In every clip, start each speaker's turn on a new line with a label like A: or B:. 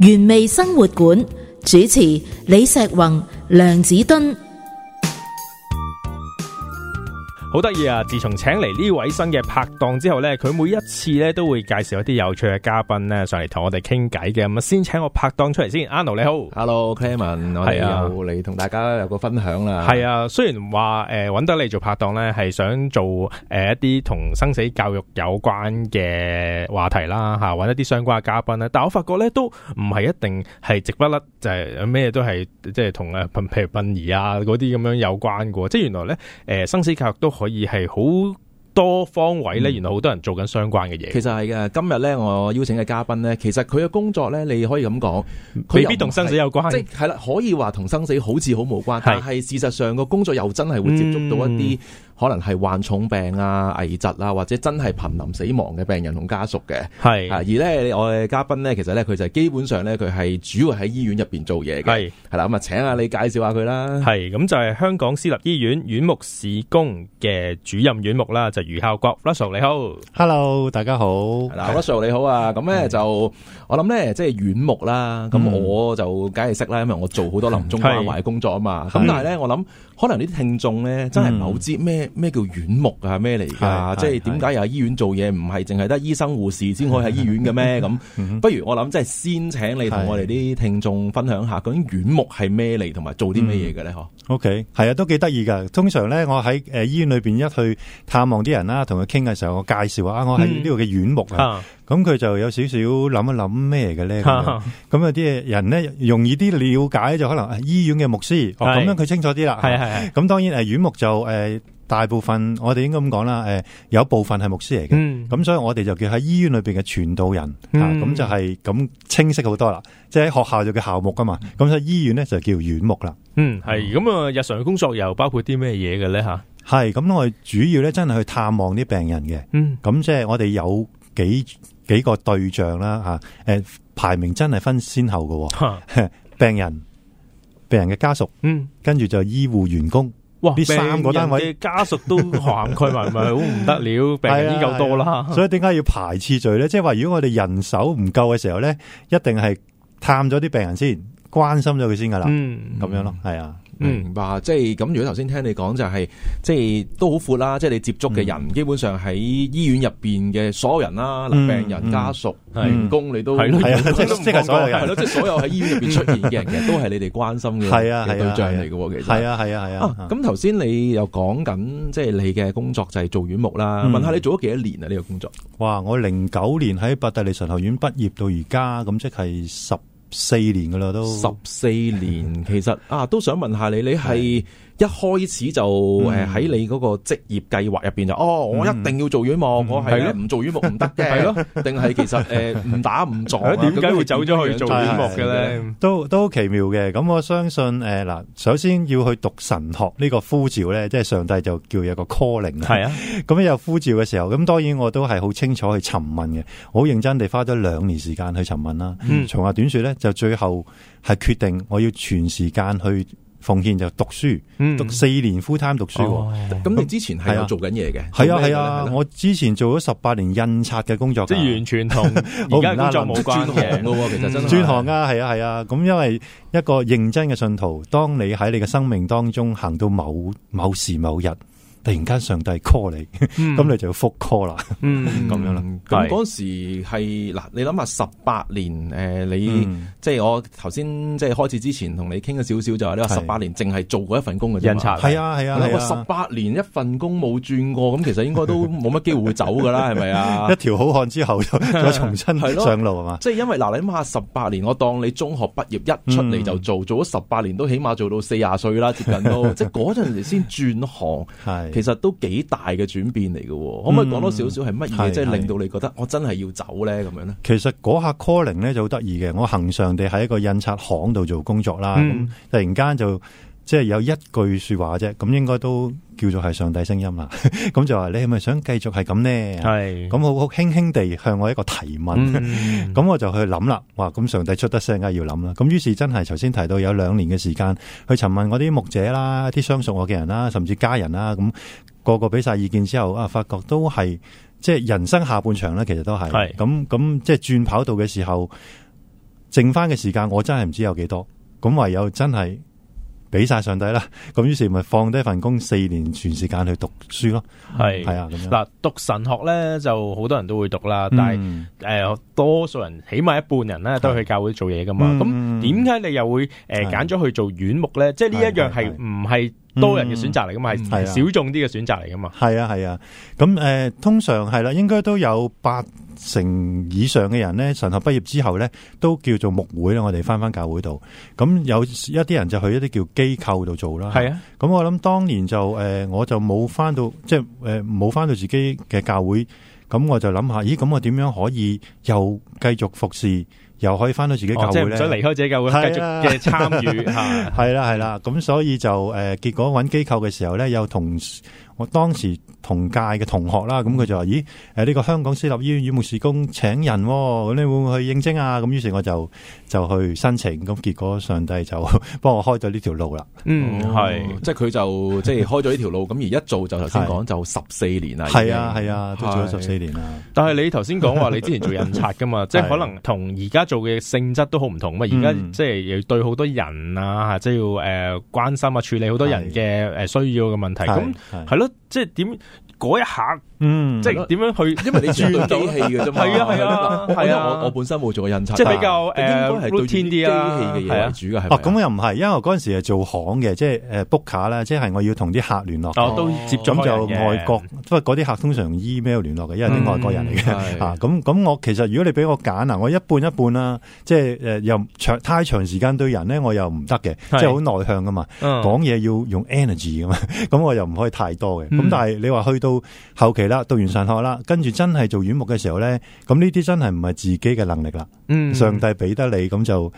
A: 原味生活館主持李石宏、梁子敦。
B: 好得意啊！自從請嚟呢位新嘅拍檔之後咧，佢每一次咧都會介紹一啲有趣嘅嘉賓咧上嚟同我哋傾偈嘅。咁啊，先請我拍檔出嚟先。阿 No Hello, 你好 h e l l o k e m e n 我哋你同大家有個分享啦。係啊，雖然話誒揾得你做拍檔咧，係想做一啲同生死教育有關嘅話題啦，嚇揾一啲相關嘅嘉賓咧。但我發覺咧，都唔係一定係直不甩、就是，就係咩都係即係同誒譬如貧兒啊嗰啲咁樣有關嘅。即原來咧、呃、生死教育都可以係好多方位咧，原來好多人做緊相關嘅嘢。其實係嘅，今日咧，我邀請嘅嘉賓咧，
C: 其實佢嘅工作咧，你可以咁講，未必同生死有關，即係，係啦，可以話同生死好似好無關，是但係事實上個工作又真係會接觸到一啲。嗯可能係患重病啊、危疾啊，或者真係瀕臨死亡嘅病人同家屬嘅，係是而呢，我嘅嘉賓呢，其實呢，佢就基本上呢，佢係主要喺醫院入邊做嘢嘅，係係啦。咁啊，就請下你介紹
B: 下佢啦。係咁就係香港私立醫院院牧事工嘅主任院牧啦，就是、余孝國，Russell 你好
A: ，Hello，大家好。Russell
B: 的你好啊。咁呢，的我就
C: 我諗呢，即係院牧啦。咁、嗯、我就梗係識啦，因為我做好多臨終關懷嘅工作啊嘛。咁的但係呢，的我諗可能呢啲聽眾呢，真係唔係好知咩、嗯。咩叫院牧啊？咩嚟噶？即係點解又喺醫院做嘢？唔係淨係得醫生護士先可以喺醫院嘅咩？咁
A: 不如我諗，即係
C: 先請你同我哋啲聽眾分享下，究竟院牧係咩嚟，同埋做啲咩嘢嘅咧
A: ？OK，係啊，都幾得意噶。通常咧，我喺誒醫院裏邊一去探望啲人啦，同佢傾嘅時候，我介紹啊，我喺呢度嘅院牧啊，咁佢就有少少諗一諗咩嘅咧。咁有啲人呢，容易啲了解，就可能係醫院嘅牧師咁樣，佢清楚啲啦。係係。咁當然誒，院牧就誒。大部分我哋應該咁講啦，誒、呃，有部分係牧師嚟嘅，咁、嗯、所以我哋就叫喺醫院裏邊嘅傳道人，吓咁、嗯啊、就係咁清晰好多啦。即係喺學校就叫校牧噶嘛，咁、嗯、所以醫院咧就叫院牧啦、嗯。嗯，
B: 係咁啊，日常嘅工作又包括啲咩嘢嘅咧？吓，
A: 係咁我哋主要咧真係去探望啲病人嘅，咁即係我哋有幾幾個對象啦，吓，誒，排名真係分先後嘅，吓、啊， 病人，病人嘅家屬，嗯，跟住就醫護員工。哇！呢三個單位
B: 家屬都行佢埋，咪，好唔得了，病人已夠多啦、 啊啊，所以
A: 點解要排次序咧？即係話，如果我哋人手唔夠嘅時候咧，一定係探咗啲病人先，關心咗佢先噶啦，咁、嗯、樣咯，係啊。嗯，
C: 嗱，即係咁。如果頭先聽你講，就係即係都好闊啦。即係你接觸嘅人，基本上喺醫院入邊嘅所有人啦，病人、家屬、員工，你都係咯，即係所有係咯，即係所有喺醫院入邊出現嘅人，其實都係你哋關心嘅係啊，對象嚟嘅。其實係啊，係啊，係啊。啊，咁頭先你又講緊即係你嘅工作就係做院
A: 牧啦。問下你做咗幾多年啊？呢個工作？哇！我零九年喺伯大利神學院畢業到而家，咁即係十。四年噶啦都，十四年其實 啊，都
C: 想問下你，你係，一開始就誒喺你嗰個職業計劃入邊就、嗯、哦我一定要做院牧，嗯、我係唔做院牧唔得嘅係咯，定係的 其實誒唔打唔
B: 撞？點解 會走咗去做院牧嘅咧？
A: 都都好奇妙嘅。咁我相信誒嗱、呃，首先要去讀神學呢個呼召咧，即係上帝就叫有一個 calling 的。係啊，咁有呼召嘅時候，咁當然我都係好清楚去尋問嘅，我好認真地花咗兩年時間去尋問啦。長話、嗯、短說咧，就最後係決定我要全時間去。奉獻就讀書，讀四年 full time 讀書。咁你之前係有做緊嘢嘅？係啊係啊，我之前做咗十八年印刷嘅工作，即係完全同而家工作冇關嘅。其實真係轉行啊，係啊係啊。咁因為一個認真嘅信徒，當你喺你嘅生命當中行到某某時某日。突然間上帝 call 你，咁你就要復 call 啦，咁樣啦。
C: 咁嗰時係嗱，你諗下十八年，誒，你即係我頭先即係開始之前同你傾咗少少，就話你話十八年淨係做過一份工嘅啫嘛。係啊係啊，十八年一份工冇轉過，咁其實應該都冇乜機會會走噶啦，係咪啊？一條好漢
A: 之後再重新去上路啊嘛？即
C: 係因為嗱，你諗下十八年，我當你中學畢業一出嚟就做，做咗十八年都起碼做到四十歲啦，接近都，即係嗰陣時先轉行係。其實都幾大嘅轉變嚟
A: 嘅，嗯、可唔可以講多少少係乜嘢，是是即係令到
C: 你覺得我真係要走咧咁樣咧？
A: 其實嗰下 calling 咧就好得意嘅，我恆常地喺一個印刷行度做工作啦，咁、嗯、突然間就。即係有一句說話啫，咁應該都叫做係上帝聲音啦。咁 就話你係咪想繼續係咁呢？係咁好好輕輕地向我一個提問。咁、嗯、 我就去諗啦。哇！咁上帝出得聲梗係，要諗啦。咁於是真係頭先提到有兩年嘅時間去詢問我啲牧者啦、啲相熟我嘅人啦，甚至家人啦，咁、那個個俾晒意見之後啊，發覺都係即係人生下半場啦，其實都係。係咁咁，即係轉跑道嘅時候，剩翻嘅時間我真係唔知有幾多。咁唯有真係。俾晒上帝啦，咁於是咪放低份工，四年全時間去讀書咯。係係啊，
B: 嗱，讀神學咧就好多人都會讀啦，嗯、但係、呃、多數人，起碼一半人咧都去教會做嘢噶嘛。咁點解你又會誒揀咗去做院牧咧？的即係呢一樣係唔係？的多人嘅選擇嚟噶嘛，係小眾啲嘅選擇嚟噶嘛。
A: 係啊係啊，咁誒、啊啊呃，通常係啦、啊，應該都有八成以上嘅人咧，神學畢業之後咧，都叫做牧會。啦我哋返返教會度，咁有一啲人就去一啲叫機構度做啦。係啊，咁我諗當年就誒、呃，我就冇返到，即係誒冇返到自己嘅教會，咁我就諗下，咦，咁我點樣可以又繼續服侍？又可以返到自己教會，咧，哦，即係唔想離開自己教會，繼續嘅參與嚇，係啦係啦，咁所以就誒、呃、結果揾機構嘅時候咧，又同我當時同屆嘅同學啦，咁佢就話：咦，誒、啊、呢、這個香港私立醫院院牧事工請人喎、哦，你會唔會去應徵啊？咁於是我就就去申請，咁結果上帝就幫我開咗呢條路啦。嗯，係，哦、即係佢就即
C: 係開咗呢條路，咁 而一做就頭先講就十四
A: 年啦。
B: 係啊，係啊，都做咗十四年啦。但係你頭先講話你之前做印刷噶嘛， 是即係可能同而家做嘅性質都好唔同嘛。而家、嗯、即係要對好多人啊，即係要誒、呃、關心啊，處理好多人嘅需要嘅問題。咁係咯是。那即係點嗰一刻，嗯，即係點樣去？因為你轉到器嘅啫嘛，係啊係啊，係啊。我我本身冇做
C: 印
A: 刷，即係比較誒，係 routine 啲啊，機器嘅嘢為主係。哦，咁又唔係，因為嗰陣時係做行嘅，即係誒 book 卡咧，即係我要同啲客聯絡。都接准就外國，因為嗰啲客通常 email 聯絡嘅，因為啲外國人嚟嘅。咁咁，我其實如果你俾我揀啊，我一半一半啦。即係誒，又長太長時間對人咧，我又唔得嘅，即係好內向噶嘛，講嘢要用 energy 噶嘛，咁我又唔可以太多。咁但係你話去到後期啦，讀完神學啦，跟住真係做院牧嘅時候咧，咁呢啲真係唔係自己嘅能力啦。上帝俾得你，咁就。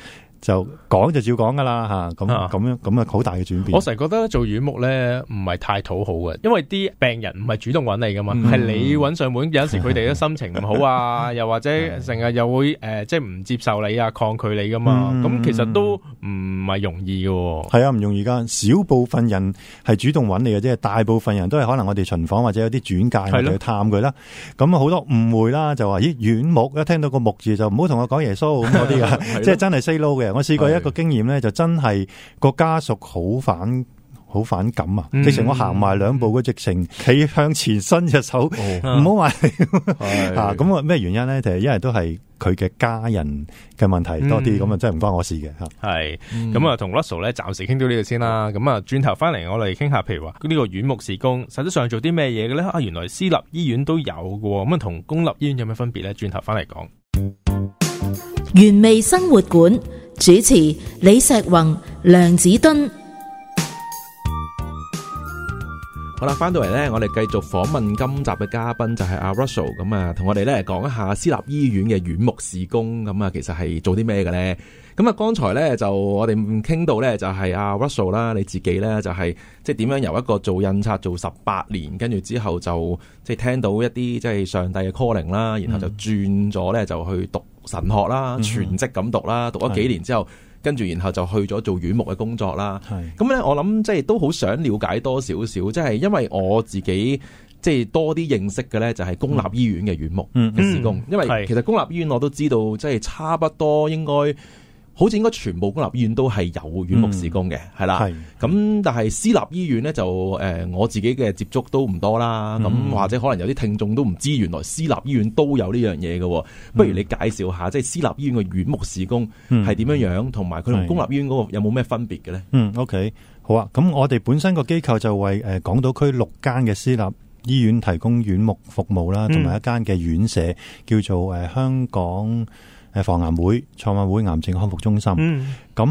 A: 就講就照講噶啦吓，咁咁樣咁啊，好大嘅轉變。我
B: 成日覺得做院牧咧，唔係太討好嘅，因為啲病人唔係主動揾你噶嘛，係你揾上門。有陣時佢哋咧，心情唔好啊，又或者成日又會誒即係唔接受你啊，抗拒你噶嘛。咁其實都唔係容易
A: 嘅。係啊，唔容易噶。少部分人係主動揾你嘅，即係大部分人都係可能我哋巡房或者有啲轉介嚟去探佢啦。咁好多誤會啦，就話咦院牧一聽到個木字就唔好同我講耶穌咁嗰啲啊，即係真係 say no 嘅。我試過一個經驗咧，是就真係個家屬好反好反感啊！直情，嗯，我行埋兩步，佢直情企向前伸隻手，唔好埋啊！咁啊 是，咩原因咧？就係因為都係佢嘅家人嘅問題多啲，咁啊，嗯，真係唔關我事嘅
B: 吓。係咁啊，同 Russell 咧，暫時傾到呢度先啦。咁啊，轉頭翻嚟，我哋傾下，譬如話呢個院牧事工實質上做啲咩嘢嘅咧？啊，原來私立醫院都有噶，咁啊，同公立醫院有咩分別咧？轉頭翻嚟講，
A: 原味生活館。主持李石宏、梁子敦，
C: 好啦，翻到嚟呢，我哋繼續訪問今集嘅嘉賓就係阿 Russell，咁啊，同我哋咧講一下私立醫院嘅院牧事工，咁啊，其實係做啲咩嘅咧？咁啊，剛才咧就我哋傾到咧就係阿 Russell 啦，你自己咧就係即係點樣由一個做印刷做十八年，跟住之後就即係聽到一啲即係上帝嘅 calling 啦，然後就轉咗咧就去讀。神學啦，全職咁讀啦，嗯、哼讀咗幾年之後，跟住是然後就去咗做院牧嘅工作啦。係咁咧，我諗即係都好想了解多少少，即係因為我自己即係多啲認識嘅咧，就係公立醫院嘅院牧嘅事工。嗯嗯、因為其實公立醫院我都知道，即係差不多應該。好似應該全部公立醫院都係有院牧事工嘅，係、嗯、啦。咁是但係私立醫院咧就誒、呃、我自己嘅接觸都唔多啦。咁、嗯、或者可能有啲聽眾都唔知原來私立醫院都有呢樣嘢嘅。不如你介紹下、嗯、即係私立醫院
A: 嘅院牧事工係點樣樣，同埋佢同公立醫院嗰個有冇咩分別嘅咧？嗯，OK，好啊。咁我哋本身個機構就為港島、呃、區六間嘅私立醫院提供院牧服務啦，同埋、嗯、一間嘅院舍叫做、呃、香港。誒防癌會創委會癌症康復中心，咁誒、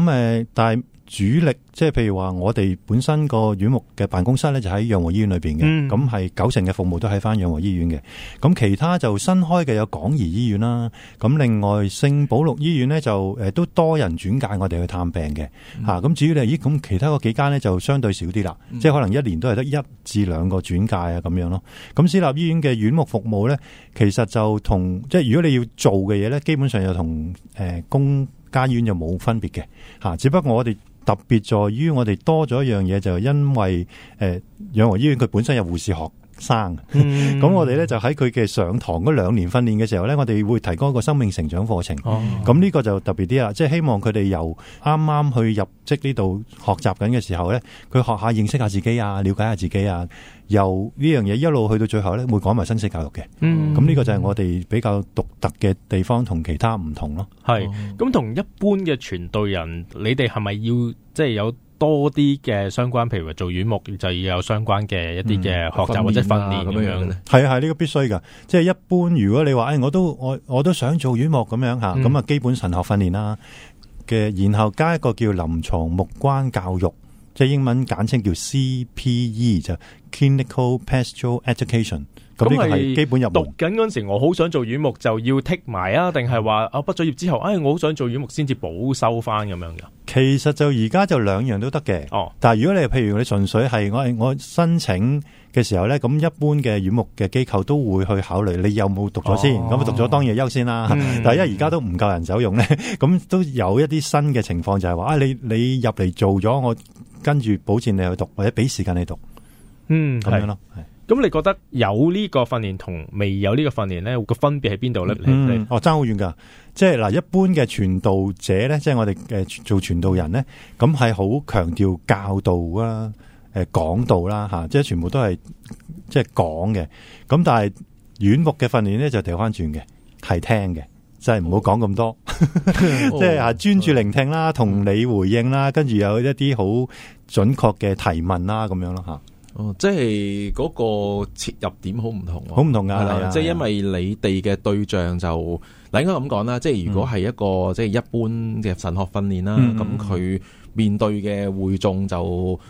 A: 嗯，但係主力即係譬如話，我哋本身個院牧嘅辦公室咧就喺養和醫院裏邊嘅，咁係、嗯、九成嘅服務都喺翻養和醫院嘅。咁其他就新開嘅有港怡醫院啦，咁另外聖保祿醫院呢，就誒都多人轉介我哋去探病嘅，吓咁、嗯、至於你咦咁其他個幾間呢，就相對少啲啦，嗯、即係可能一年都係得一至兩個轉介啊咁樣咯。咁私立醫院嘅院牧服務呢，其實就同即係如果你要做嘅嘢呢，基本上又同誒公家醫院又冇分別嘅，吓只不過我哋。特別在於我哋多咗一樣嘢，就係因為誒、呃、養和醫院佢本身有護士學生咁 我哋咧就喺佢嘅上堂嗰兩年訓練嘅時候咧，我哋會提供一個生命成長課程。咁呢、哦、個就特別啲啦，即、就、係、是、希望佢哋由啱啱去入職呢度學習緊嘅時候咧，佢學下認識下自己啊，了解下自己啊，由呢樣嘢一路去到最後咧，會講埋生死教育嘅。咁呢、嗯、個就係我哋比較獨特嘅地方，同其他唔同咯。係咁同一般嘅傳道人，
B: 你哋係咪要即係、就是、有？多啲嘅相關，譬如話做院牧，就要有相關嘅一啲嘅學習或者訓練咁樣咧。係、嗯、
A: 啊，係呢個必須噶。即係一般，如果你話誒、哎，我都我我都想做院牧咁樣吓，咁啊、嗯、基本神學訓練啦嘅，然後加一個叫臨床牧關教育，即係英文簡稱叫 CPE，就 Clinical Pastoral Education。咁係讀
B: 緊嗰時，我好想做院牧，就要剔埋啊？定係話啊？畢咗業之後，哎，我好想做院牧先至保修翻咁樣嘅。
A: 其實就而家就兩樣都得嘅。哦，但係如果你譬如你純粹係我我申請嘅時候咧，咁一般嘅院牧嘅機構都會去考慮你有冇讀咗先。咁、哦、讀咗當然優先啦。嗯、但係因為而家都唔夠人走用咧，咁 都有一啲新嘅情況就係話啊，你你入嚟做咗，我跟住保證你去讀，或者俾時間你讀。
B: 嗯，咁這樣咯是，咁你
A: 覺得有呢個
B: 訓練同未有個訓練，呢個訓練咧個分別喺邊度咧？
A: 哦，爭好遠噶，即係嗱，一般嘅傳道者咧，即係我哋嘅做傳道人咧，咁係好強調教導啦、誒講道啦，吓，即係全部都係即係講嘅。咁但係院牧嘅訓練咧就調翻轉嘅，係聽嘅，就係唔好講咁多，哦、 即係啊專注聆聽啦，同、哦、你回應啦，跟住有一啲好準確嘅提問啦，咁樣咯，吓。
C: 哦，即係嗰個切入點好唔同，
A: 啊，好唔同噶，即係因
C: 為你哋嘅對象就，你的的應該咁講啦，即係如果係一個、嗯、即係一般嘅神學訓練啦，咁佢、嗯、面對嘅會眾就。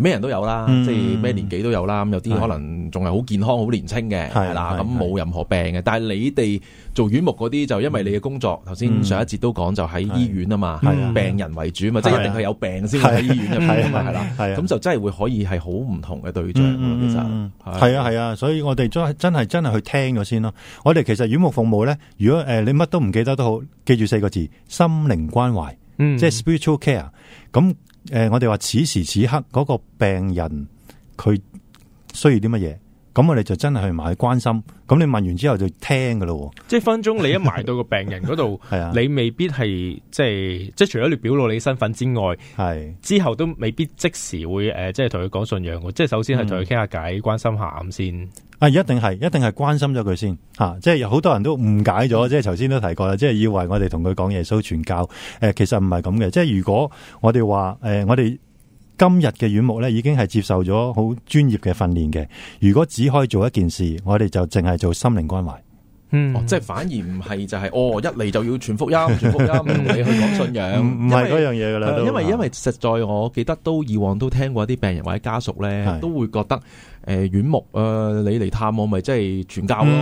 C: 咩人都有啦，即係咩年紀都有啦。咁有啲可能仲係好健康、好年輕嘅，咁冇任何病嘅。但係你哋做院牧嗰啲，就因為你嘅工作，頭先上一節都講，就喺醫院啊嘛，病人為主嘛，即係一定係有病先喺醫院入邊，係啦。咁就真係會可以係好唔同嘅對象。其實
A: 係啊係啊，所以我哋真係真係真係去聽咗先咯。我哋其實院牧服務咧，如果誒你乜都唔記得都好，記住四個字：心靈關懷，即係 spiritual care。咁誒、呃，我哋話此時此刻嗰、那個病人，佢需要啲乜嘢？咁我哋就真係去埋去關心，咁你問完之後就聽噶咯，
B: 即係分分鐘你一埋到個病人嗰度，
A: 係 是啊，你未
B: 必係即係即係除咗你表露你身份之外，係是的 之後都未必即時會誒、呃、即係同佢講信仰即係首先係同佢傾下偈，嗯、關心下咁先，
A: 啊、先。啊，一定係一定係關心咗佢先吓，即係有好多人都誤解咗，即係頭先都提過啦，即係以為我哋同佢講耶穌傳教，誒、呃，其實唔係咁嘅，即係如果我哋話誒，我哋。今日嘅院牧咧，已經係接受咗好專業嘅訓練嘅。如果只可以做一件事，我哋就淨係做心靈關懷。
C: 嗯， 哦、即係反而唔係就係、是、哦，一嚟就要傳福音，傳福音你去講信仰，唔係嗰樣嘢噶啦。因為因為實在，我記得都以往都聽過啲病人或者家屬咧，的都會覺得。誒，院牧啊，你嚟探我咪即係
A: 傳教咯，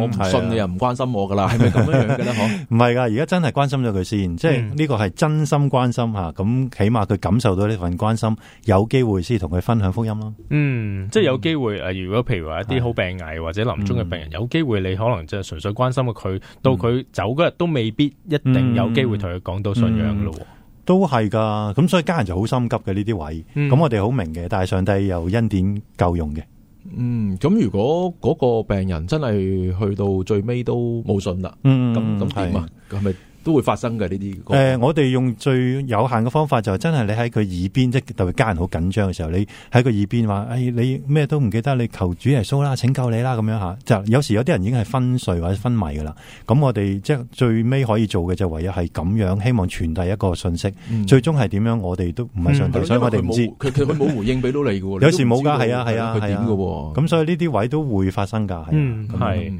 A: 我唔、嗯、信你又唔關心我噶啦，係咪咁樣樣嘅咧？唔係噶，而家真係關心咗佢先，即係呢個係真心關心吓，咁、嗯、起碼佢感受到呢份關心，有機會先同佢分享福音咯。嗯，
B: 即係有機會誒，嗯、如果譬如話一啲好病危或者臨終嘅病人，嗯、有機會你可能就純粹關心佢，嗯、到佢走嗰日都未必一定有機會同佢講到信仰噶咯。
A: 嗯嗯都係噶，咁所以家人就好心急嘅呢啲位，咁、嗯、我哋好明嘅。但係上帝又恩典夠用嘅。嗯，咁如果嗰個病
C: 人真係去到最尾都冇信啦，咁咁點啊？係咪？是都會發生嘅呢啲。誒、呃，
A: 我哋用最有限嘅方法就真係你喺佢耳邊，即係、嗯、特別家人好緊張嘅時候，你喺佢耳邊話：誒、哎，你咩都唔記得，你求主耶穌啦，請救你啦，咁樣吓。就有時有啲人已經係昏睡或者昏迷噶啦。咁我哋即係最尾可以做嘅就唯有係咁樣，希望傳遞一個信息。嗯、最終係點樣，我哋都唔係上帝，嗯、所以我哋唔知。佢
B: 佢冇回應俾到你喎。有時冇噶，係啊係啊係啊。咁、啊啊
A: 啊啊啊、所以呢啲位都會發生噶。係、啊。嗯樣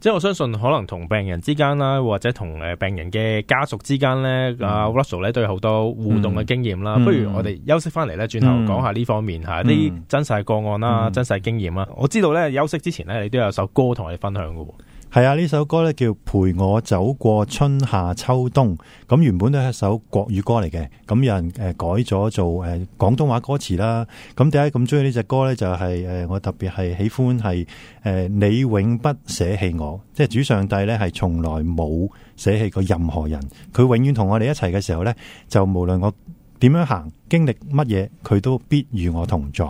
A: 即係
B: 我相信可能同病人之間啦，或者同誒病人嘅家屬之間咧，阿 Russell 咧都有好多互動嘅經驗啦。不如我哋休息翻嚟咧，轉頭講下呢方面吓啲真實個案啦、真實經驗啦。我知道咧休息之前咧，你都有首歌同我哋分享喎。
A: 係啊，呢首歌呢叫《陪我走過春夏秋冬》，咁原本都係一首國語歌嚟嘅，咁有人誒改咗做誒廣東話歌詞啦。咁點解咁中意呢隻歌呢？就係誒，我特別係喜歡係誒，你永不捨棄我，即係主上帝呢係從來冇捨棄過任何人，佢永遠同我哋一齊嘅時候呢，就無論我點樣行，經歷乜嘢，佢都必與我同在。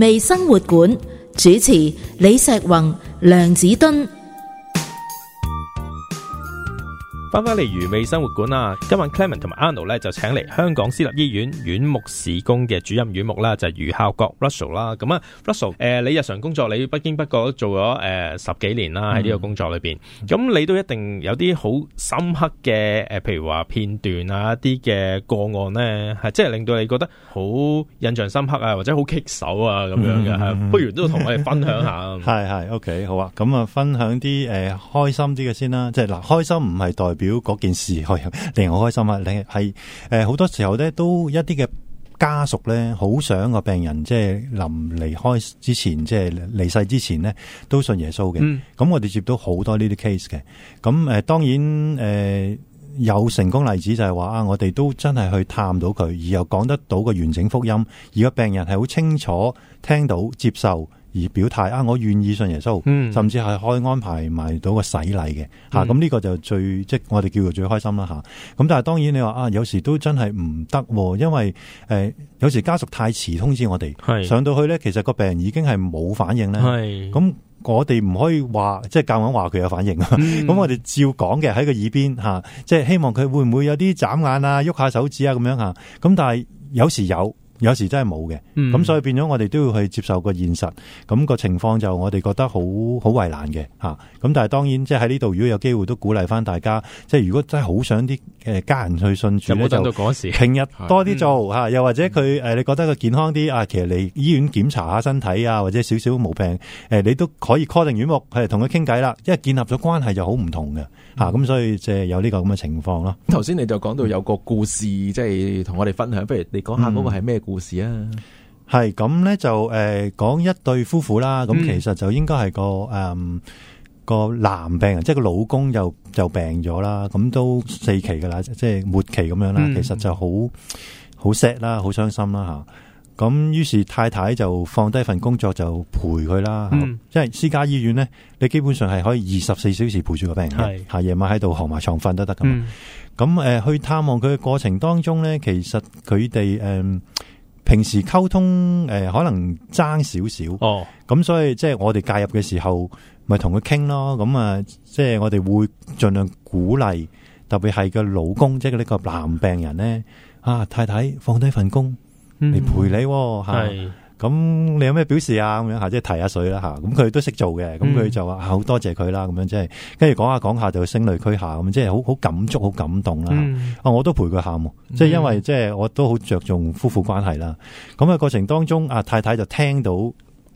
A: 微生活館主持李石宏、梁子敦。
B: 翻返嚟漁味生活館啦。今晚 Clement 同埋 Arnold 咧就請嚟香港私立醫院院牧事工嘅主任院牧啦，就係、是、余孝國 Russell 啦。咁啊，Russell 誒、呃，你日常工作你不經不覺都做咗誒、呃、十幾年啦，喺呢個工作裏邊，咁、嗯、你都一定有啲好深刻嘅誒、呃，譬如話片段啊，一啲嘅個案呢，係即係令到你覺得好印象深刻啊，或者好棘手啊咁樣嘅。不如都同我哋分享下。
A: 係係，OK，好啊。咁啊，分享啲誒開心啲嘅先啦。即係嗱，開心唔係、啊就是呃、代表。表嗰件事，令人好開心啊！你係誒，呃、好多時候咧，都一啲嘅家屬咧，好想個病人即係臨離開之前，即係離世之前咧，都信耶穌嘅。咁、嗯、我哋接到好多呢啲 case 嘅。咁誒、呃，當然誒、呃，有成功例子就係話啊，我哋都真係去探到佢，而又講得到個完整福音，而個病人係好清楚聽到接受。而表態啊，我願意信耶穌。嗯、甚至係可以安排埋到個洗禮嘅嚇，咁呢個就最即我哋叫做最開心啦嚇。咁、啊、但係當然你話啊，有時都真係唔得，因為誒、呃、有時家屬太遲通知我哋，是上到去咧，其實個病人已經係冇反應咧。咁我哋唔可以話即係夾硬話佢有反應是啊。咁我哋、就是嗯啊、照講嘅喺個耳邊、啊、即係希望佢會唔會有啲眨眼啊、喐下手指啊咁樣咁、啊、但係有時有。有時真係冇嘅，咁、嗯、所以變咗我哋都要去接受個現實，咁、那個情況就我哋覺得好好為難嘅吓，咁、啊、但係當然即係喺呢度如果有機會都鼓勵翻大家，即、就、係、是、如果真係好想啲誒家人去信住，主咧，就平日多啲做吓，嗯、又或者佢誒、嗯、你覺得佢健康啲啊，其實嚟醫院檢查下身體啊，或者少少毛病誒、啊，你都可以 call 定院牧，係同佢傾偈啦，因為建立咗關係就好唔同嘅吓，咁、啊、所以即係有呢個咁嘅情況咯。頭先、嗯、你就講到有個故事，即係同我哋分享，不如你講下嗰個係咩故事？嗯故事啊，係咁咧就誒講、呃、一對夫婦啦，咁、嗯、其實就應該係個誒、呃、個男病人，即係個老公又就病咗啦，咁都四期噶啦，即係末期咁樣啦。嗯、其實就好好 sad 啦，好傷心啦吓。咁、啊、於是太太就放低份工作就陪佢啦，嗯、即係私家醫院咧，你基本上係可以二十四小時陪住個病人，係吓夜晚喺度行埋床瞓都得噶嘛。咁誒、嗯呃、去探望佢嘅過程當中咧，其實佢哋誒。呃平時溝通誒、呃，可能爭少少哦，咁、oh. 嗯、所以即係我哋介入嘅時候，咪同佢傾咯。咁、嗯、啊，即係我哋會盡量鼓勵，特別係個老公，即係呢個男病人咧啊，太太放低份工嚟陪你係。咁、嗯、你有咩表示啊？咁樣吓，即係提下水啦吓。咁、嗯、佢、嗯嗯、都識做嘅，咁佢就話好多謝佢啦。咁樣即係，跟住講下講下就會聲淚俱下，咁、嗯嗯、即係好好感觸、好感動啦。啊，我都陪佢喊，即係因為即係、嗯、我都好着重夫婦關係啦。咁、嗯、嘅過程當中，啊太太就聽到，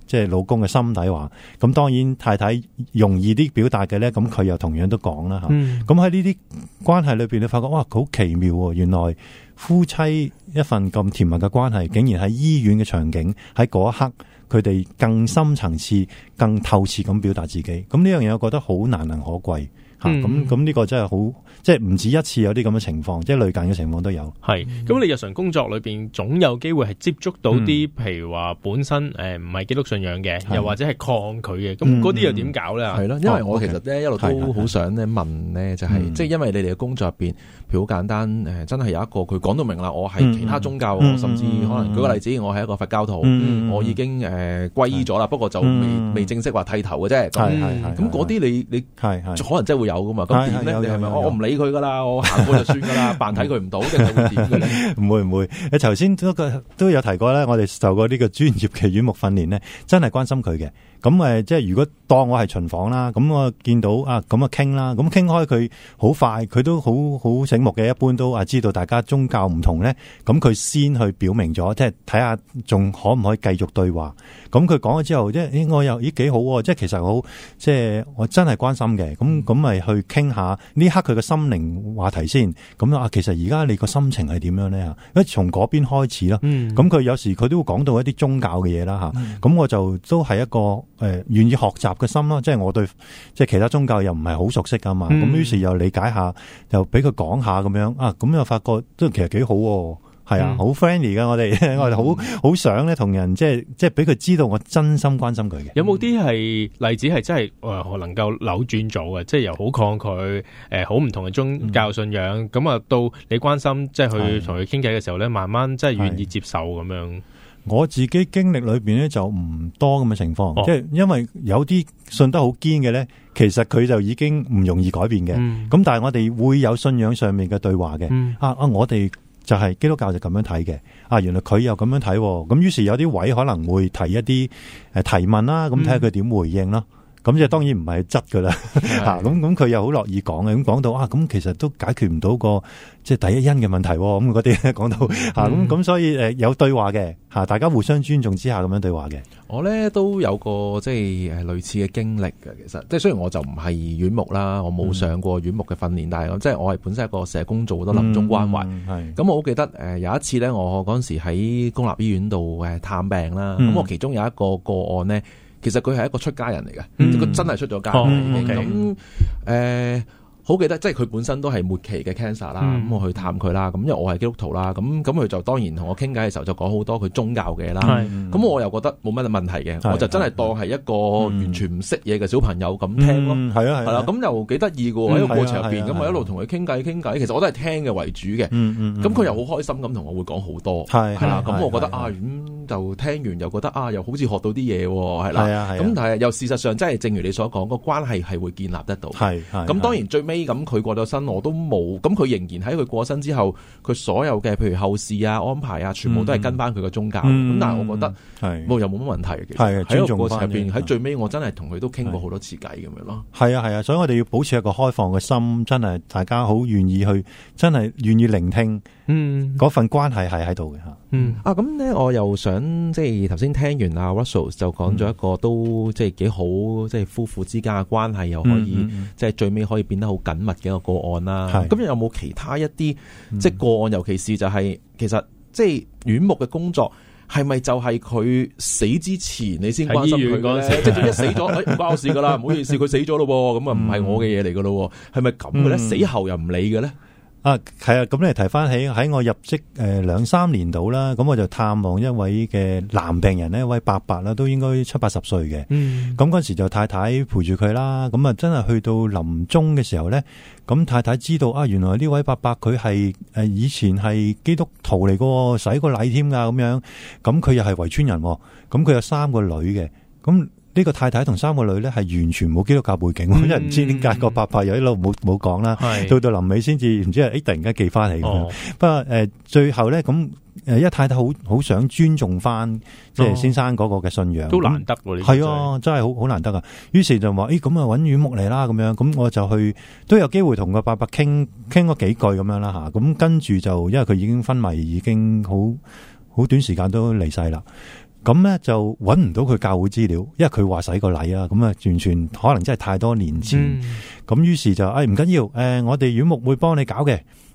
A: 即係老公嘅心底話，咁當然太太容易啲表達嘅咧，咁佢又同樣都講啦吓。咁喺呢啲關係裏邊，你發覺哇，好奇妙啊，原來夫妻一份咁甜蜜嘅關係，竟然喺醫院嘅場景，喺嗰一刻，佢哋更深層次、更透徹咁表達自己。咁呢樣嘢，我覺得好難能可貴。咁咁呢個真係好，即係唔止一次有啲咁嘅情況，即係類近嘅情況都有。
B: 係咁，你日常工作裏邊總有機會係接觸到啲，譬如話本身誒唔係基督信仰嘅，又或者係抗拒嘅，咁嗰啲又點搞咧？係咯，因為我其實咧一路都好
C: 想咧問咧，就係即係因為你哋嘅工作入邊，譬如好簡單誒，真係有一個佢講到明啦，我係其他宗教，甚至可能舉個例子，我係一個佛教徒，我已經誒皈依咗啦，不過就未未正式話剃頭嘅啫。係咁嗰啲，你你可能真會。有噶嘛，咁點咧？是有有有，你係咪我唔理佢噶啦，我行過就算噶啦？扮睇佢唔到嘅，
A: 會點嘅咧？唔會唔會。你頭先都都有提過咧，我哋受過呢個專業嘅院牧訓練咧，真係關心佢嘅。咁誒，即係如果當我係巡房啦，咁我見到啊，咁啊傾啦，咁傾開佢好快，佢都好好醒目嘅。一般都啊，知道大家宗教唔同咧，咁佢先去表明咗，即係睇下仲可唔可以繼續對話。咁佢講咗之後，即、哎、係我又咦幾、哎、好喎，即係其實好，即係我真係關心嘅。咁咁咪去傾下呢刻佢嘅心靈話題先。咁啊，其實而家你個心情係點樣咧？因為咁從嗰邊開始啦。咁佢、嗯、有時佢都會講到一啲宗教嘅嘢啦吓。咁我就都係一個。誒、願、哎、意學習嘅心啦，即係我對即係其他宗教又唔係好熟悉噶嘛，咁於、嗯、是又理解一下理解下，又俾佢講下咁樣啊，咁又發覺都其實幾好，係啊，好、啊嗯、friendly 噶，我哋、嗯、 我哋好好想咧同人即係即係俾佢知道我真心關心佢嘅。
B: 有冇啲係例子係真係誒能夠扭轉咗嘅，即係由好抗拒誒好唔同嘅宗教信仰，咁啊、嗯、到你關心即係去同佢傾偈嘅時候咧，的慢慢真係願意接受咁樣？
A: 我自己經歷裏邊咧就唔多咁嘅情況，即係、哦、因為有啲信得好堅嘅咧，其實佢就已經唔容易改變嘅。咁、嗯、但係我哋會有信仰上面嘅對話嘅。啊、嗯、啊，我哋就係基督教就咁樣睇嘅。啊，原來佢又咁樣睇，咁於是有啲位可能會提一啲誒提問啦，咁睇下佢點回應啦。嗯咁即係當然唔係質噶啦，吓，咁咁佢又好樂意講嘅，咁講到啊，咁其實都解決唔到個即係第一因嘅問題，咁嗰啲講到吓，咁咁，所以誒有對話嘅，吓，大家互相尊重之下咁樣對話嘅。
C: 我咧都有個即係類似嘅經歷嘅，其實即係雖然我就唔係院牧啦，我冇上過院牧嘅訓練，嗯、但係即係我係本身一個社工做，做好多臨終關懷。係咁，我好記得誒，有一次咧，我嗰陣時喺公立醫院度誒探病啦，咁、嗯、我其中有一個個案咧。其實佢係一個出家人嚟嘅，佢、嗯、真係出咗家。咁好記得，即係佢本身都係末期嘅 cancer 啦，咁我去探佢啦。咁因為我係基督徒啦，咁咁佢就當然同我傾偈嘅時候就講好多佢宗教嘅嘢啦。咁我又覺得冇乜問題嘅，我就真係當係一個完全唔識嘢嘅小朋友咁
A: 聽咯。係啊係啦，咁
C: 又幾得意嘅喎，喺個過程入面，咁我一路同佢傾偈傾偈，其實我都係聽嘅為主嘅。咁佢又好開心咁同我會講好多。係啦。咁我覺得啊，咁就聽完又覺得啊，又好似學到啲嘢喎。係啦。啊咁但係又事實上，真係正如你所講，個關係係會建立得到。咁當然最尾。咁佢過咗身，我都冇。咁佢仍然喺佢過身之後，佢所有嘅，譬如後事啊、安排啊，全部都係跟翻佢嘅宗教。咁、嗯嗯、但係我覺得係，冇又冇乜問題嘅。係尊重翻入邊。喺最尾，我真係同佢都傾過好多次偈咁樣咯。
A: 係啊係啊，所以我哋要保持一個開放嘅心，真係大家好願意去，真係願意聆聽。嗯，嗰份關係係喺度嘅吓。嗯啊，咁咧我又想即係頭先
C: 聽完阿、啊、Russell 就講咗一個、嗯、都即係幾好，即係夫婦之間嘅關係又可以、嗯嗯、即係最尾可以變得好緊密嘅一個個案啦。咁是有冇其他一啲、嗯、即係個案，尤其是就係、是、其實即係院牧嘅工作，係咪就係佢死之前你先關心佢咧？事即係死咗，唔、 哎、關我事噶啦，唔好意思，佢死咗咯喎。咁啊唔係我嘅嘢嚟噶咯，係咪咁嘅咧？死後又唔理嘅咧？
A: 啊，係啊，咁你提翻起喺我入職誒兩三年度啦，咁我就探望一位嘅男病人咧，一位伯伯啦，都應該七八十歲嘅。嗯，咁嗰時就太太陪住佢啦，咁啊真係去到臨終嘅時候咧，咁太太知道啊，原來呢位伯伯佢係誒以前係基督徒嚟㗎，哦，洗過禮添噶，咁樣，咁佢又係圍村人，哦，咁佢有三個女嘅，咁。呢個太太同三個女咧係完全冇基督教背景，嗯、爸爸一唔是知點解個伯伯又一路冇冇講啦，到到臨尾先至唔知誒，突然間記翻嚟。不過誒，最後咧咁誒，一、呃、太太好好想尊重翻即係先生嗰個嘅信仰，哦嗯、都難得喎，係哦、嗯啊，真係好好難得啊。於是就話誒，咁啊搵院牧嚟啦咁樣，咁我就去都有機會同個伯伯傾傾咗幾句咁樣啦吓。咁跟住就因為佢已經昏迷，已經好好短時間都離世啦。咁咧就揾唔到佢教會資料，因為佢話洗個禮啊，咁啊完全可能真係太多年前，咁、嗯、於是就誒，唔緊要，誒我哋院牧會幫你搞嘅。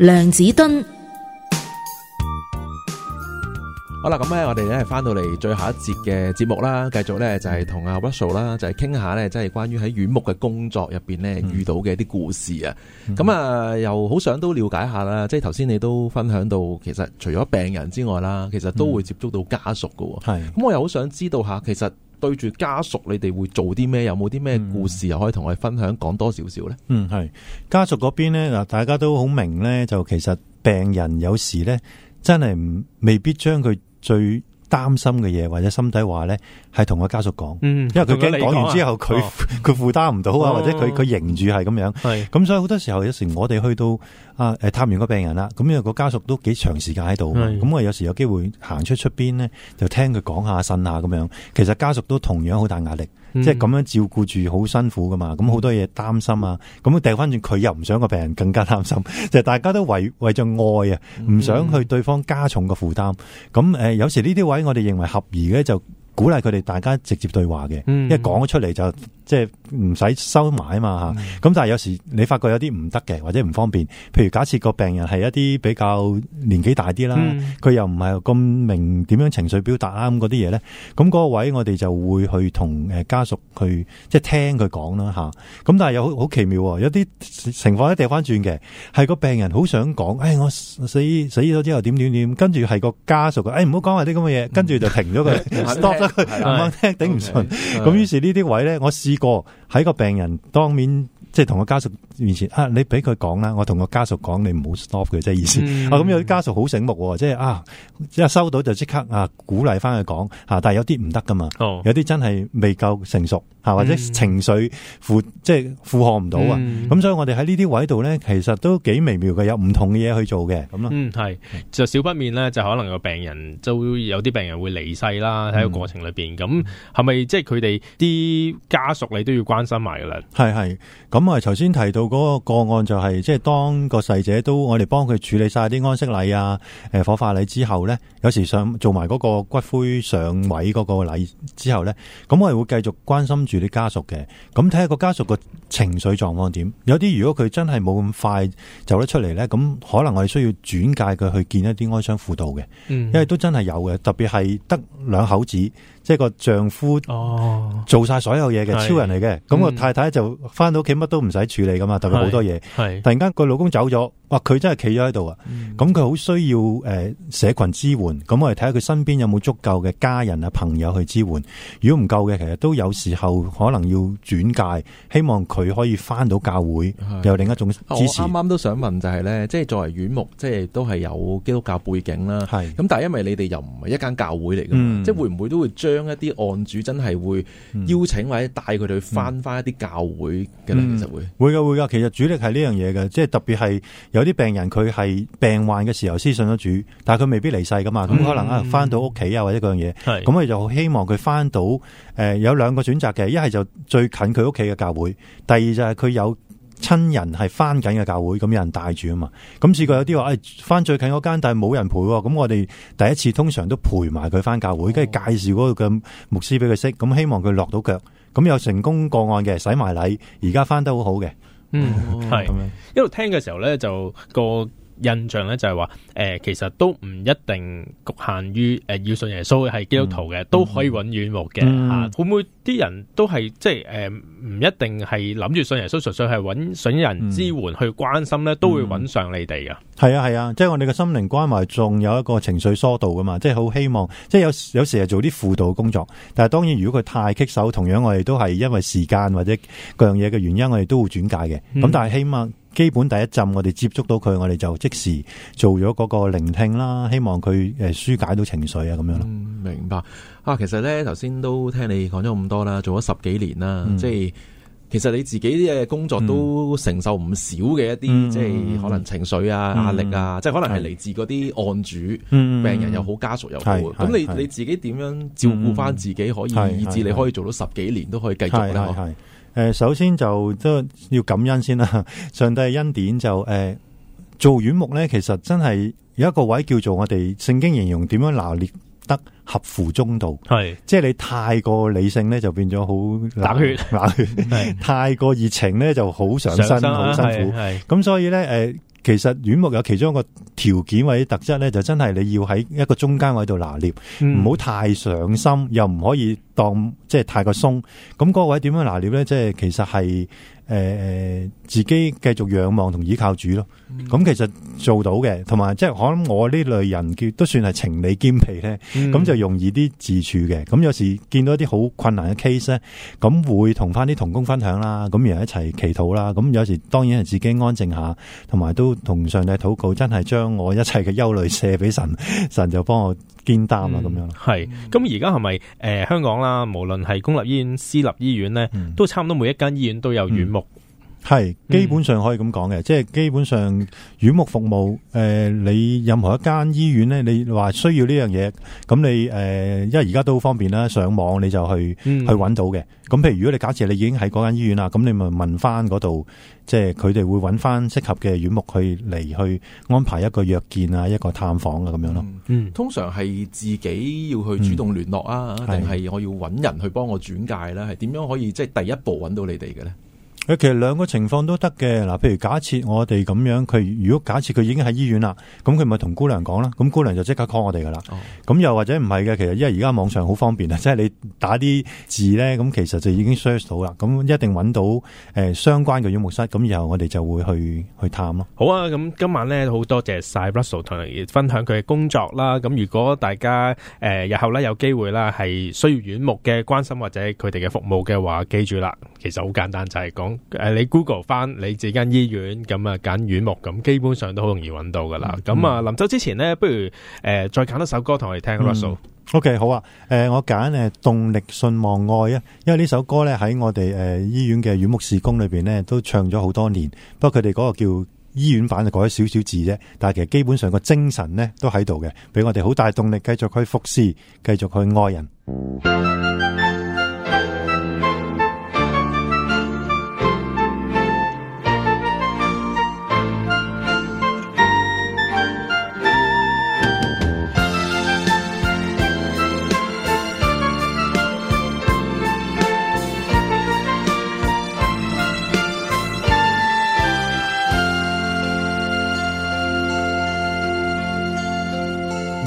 A: 梁子敦，
C: 好啦，咁咧，我哋咧翻到嚟最後一節嘅節目啦，繼續咧就係同阿 Russell 啦，就係傾下咧，即係關於喺院牧嘅工作入邊咧遇到嘅一啲故事啊，咁啊、嗯、又好想都了解下啦，即係頭先你都分享到，其實除咗病人之外啦，其實都會接觸到家屬噶，係、嗯，咁我又好想知道下其實。對住家屬，你哋會做啲咩？有冇啲咩故事又可以同我哋分享？講
A: 多少少呢？嗯，係、嗯、家屬嗰邊呢，嗱，大家都好明呢。就其實病人有時呢，真係未必將佢最擔心嘅嘢或者心底話呢。係同個家屬講，
D: 嗯、因為佢驚講完之後佢
A: 佢負擔唔到啊，或者佢佢認住係咁樣，咁是所以好多時候有時我哋去到啊誒探完個病人啦，咁因為個家屬都幾長時間喺度，咁是我有時有機會行出出邊呢，就聽佢講下呻下咁樣。其實家屬都同樣好大壓力，即係咁樣照顧住好辛苦噶嘛，咁好多嘢擔心啊，咁掉翻轉佢又唔想個病人更加擔心，就是、大家都為為咗愛啊，唔想去對方加重個負擔。咁誒、嗯呃，有時呢啲位我哋認為合宜嘅就。鼓勵佢哋大家直接對話嘅，一講咗出嚟，就即係。唔使收埋啊嘛嚇，咁但係有時你發覺有啲唔得嘅或者唔方便，譬如假設個病人係一啲比較年紀大啲啦，佢又唔係咁明點樣情緒表達啊咁嗰啲嘢咧，咁嗰個位我哋就會去同誒家屬去即係聽佢講啦嚇。咁但係又好好奇妙，有啲情況咧掉翻轉嘅，係個病人好想講，誒我死死咗之後點點點，跟住係個家屬講，誒唔好講話啲咁嘅嘢，跟住就停咗佢，stop 咗佢，唔肯聽，頂唔順。咁於是呢啲位咧，我試過。喺個病人當面。即係同個家屬面前啊，你俾佢講啦，我同個家屬講，你唔好 stop 佢，即係意思。我咁有啲家屬好醒目，即係啊，即係收到就即刻啊鼓勵翻佢講啊，但係有啲唔得噶嘛，有啲真係未夠成熟吓，或者情緒負即係負荷唔到啊。咁所以我哋喺呢啲位度咧，其實都幾微妙嘅，有唔同嘅嘢去做嘅咁咯。嗯，
B: 係就少不免咧，就可能個病人都有啲病人會離世啦，喺個過程裏邊咁，係咪即係佢哋啲家屬你都要關心埋噶啦？
A: 係係。咁啊，頭先提到嗰個個案就係、是，即係當個逝者都我哋幫佢處理晒啲安息禮啊、誒、呃、火化禮之後咧，有時想做埋嗰個骨灰上位嗰個禮之後咧，咁我哋會繼續關心住啲家屬嘅，咁睇下個家屬個情緒狀況點。有啲如果佢真係冇咁快走得出嚟咧，咁可能我哋需要轉介佢去見一啲哀傷輔導嘅，嗯，因為都真係有嘅，特別係得兩口子，即係個丈夫哦做晒所有嘢嘅、哦、超人嚟嘅，咁、嗯、個太太就翻到屋企乜都唔使處理噶嘛，特別好多嘢。突然間個老公走咗。哇！佢真係企咗喺度啊！咁佢好需要誒、呃、社群支援，咁我哋睇下佢身邊有冇足夠嘅家人啊朋友去支援。如果唔夠嘅，其實都有時候可能要轉介，希望佢可以翻到教會，有的另一種支持。我啱啱都想問就係、是、咧，即係作為院牧，即係都係有
C: 基督教背景啦。係咁的，但係因為你哋又唔係一間教會嚟嘅、嗯、即係會唔會都會將一啲案主真係會邀請或者帶佢哋翻翻一啲教
A: 會嘅咧？其實、嗯嗯、會會嘅會㗎。其實主力係呢樣嘢嘅，即係特別係。有啲病人佢係病患嘅時候，相信咗主，但係佢未必離世噶嘛，咁、嗯、可能啊翻到屋企啊或者嗰樣嘢，咁我就好希望佢翻到誒、呃、有兩個選擇嘅，一係就最近佢屋企嘅教會，第二就係佢有親人係翻緊嘅教會，咁有人帶住啊嘛，咁試過有啲話誒翻最近嗰間，但係冇人陪，咁我哋第一次通常都陪埋佢翻教會，跟住、哦、介紹嗰個嘅牧師俾佢識，咁希望佢落到腳，咁有成功個案嘅，洗埋禮，而家翻得好好嘅。
B: 嗯，係，一路聽嘅時候咧，就個印象咧就係話，誒，其實都唔一定局限於誒要信耶穌嘅係基督徒嘅，都可以揾院牧嘅吓。會唔會啲人都係即係誒，唔一定係諗住信耶穌，純粹係揾信人支援去關心咧，都會揾上你哋啊？
A: 係啊係啊，即係我哋嘅心靈關懷仲有一個情緒疏導噶嘛，即係好希望，即係有有時係做啲輔導工作，但係當然如果佢太棘手，同樣我哋都係因為時間或者各樣嘢嘅原因，我哋都會轉介嘅。咁但係希望。基本第一陣，我哋接觸到佢，我哋就即時做咗嗰個聆聽啦，希望佢誒舒解到情緒啊，咁樣咯。嗯，明白
C: 啊！其實咧，頭先都聽你講咗咁多啦，做咗十幾年啦，即係其實你自己嘅工作都承受唔少嘅一啲，即係可能情緒啊、壓力啊，即係可能係嚟自嗰啲案主、病人又好、家屬又好。咁你你自己點樣照顧翻自己，可以以至你可以做到十幾年都可以繼續啦？
A: 誒，首先就都要感恩先啦。上帝恩典就，誒，做院牧咧，其實真係有一個位叫做我哋聖經形容點樣拿捏得合乎中道，係即係你太過理性咧，就變咗好冷血，冷血；太過熱情咧，就好上身，好辛苦。咁所以咧，誒，其實院牧有其中一個條件或者特質咧，就真係你要喺一個中間位度拿捏，唔好太上心，又唔可以。當即係太過鬆，咁、那、嗰、個、位點樣拿捏咧？即係其實係誒、呃，自己繼續仰望同依靠主咯。咁、嗯、其實做到嘅，同埋即係可能我呢類人，佢都算係情理兼備咧。咁、嗯、就容易啲自處嘅。咁有時見到一啲好困難嘅 case 咧，咁會同翻啲同工分享啦。咁然後一齊祈禱啦。咁有時當然係自己安靜下，同埋都同上帝禱告，真係將我一切嘅憂慮卸俾神，神就幫我肩擔啦咁樣，
B: 係咁而家係咪？誒、呃，香港啦，無論係公立醫院、私立醫院咧，嗯、都差唔多每一間醫院都有院牧。嗯
A: 係基本上可以咁講嘅，即係、嗯、基本上院牧服務誒、呃，你任何一間醫院咧，你話需要呢樣嘢，咁你誒、呃，因為而家都好方便啦，上網你就去、嗯、去揾到嘅。咁譬如如果你假設你已經喺嗰間醫院啦，咁你咪問翻嗰度，即係佢哋會揾翻適合嘅院牧去嚟去安排一個約見啊，一個探訪啊咁樣咯。嗯，
C: 通常係自己要去主動聯絡啊，定係、嗯、我要揾人去幫我轉介咧？係點的樣可以即係、就是、第一步揾到你哋嘅咧？
A: 佢其實兩個情況都得嘅嗱，譬如假設我哋咁樣，佢如果假設佢已經喺醫院啦，咁佢咪同姑娘講啦，咁姑娘就即刻 call 我哋噶啦。咁又或者唔係嘅，其實因為而家網上好方便啊，即係你打啲字咧，咁其實就已經 search 到啦，咁一定揾到誒相關嘅院牧室，咁然後我哋就會去去探咯。
B: 好啊，咁今晚咧好多謝曬 Russell 同嚟分享佢嘅工作啦。咁如果大家誒日後咧有機會啦，係需要院牧嘅關心或者佢哋嘅服務嘅話，記住啦，其實好簡單，就係講。誒，你 Google 翻你自己間醫院，咁啊揀院牧，咁基本上都好容易揾到噶啦。咁、嗯、啊，臨走之前呢，不如誒、呃、再揀一首歌同我哋聽。嗯、
A: Russell，OK、okay，好啊。誒，我揀誒《動力信望愛》啊，因為呢首歌咧喺我哋誒醫院嘅院牧事工裏邊呢，都唱咗好多年。不過佢哋嗰個叫醫院版就改咗少少字啫，但係其實基本上個精神呢，都喺度嘅，俾我哋好大動力繼續去服侍，繼續去愛人。嗯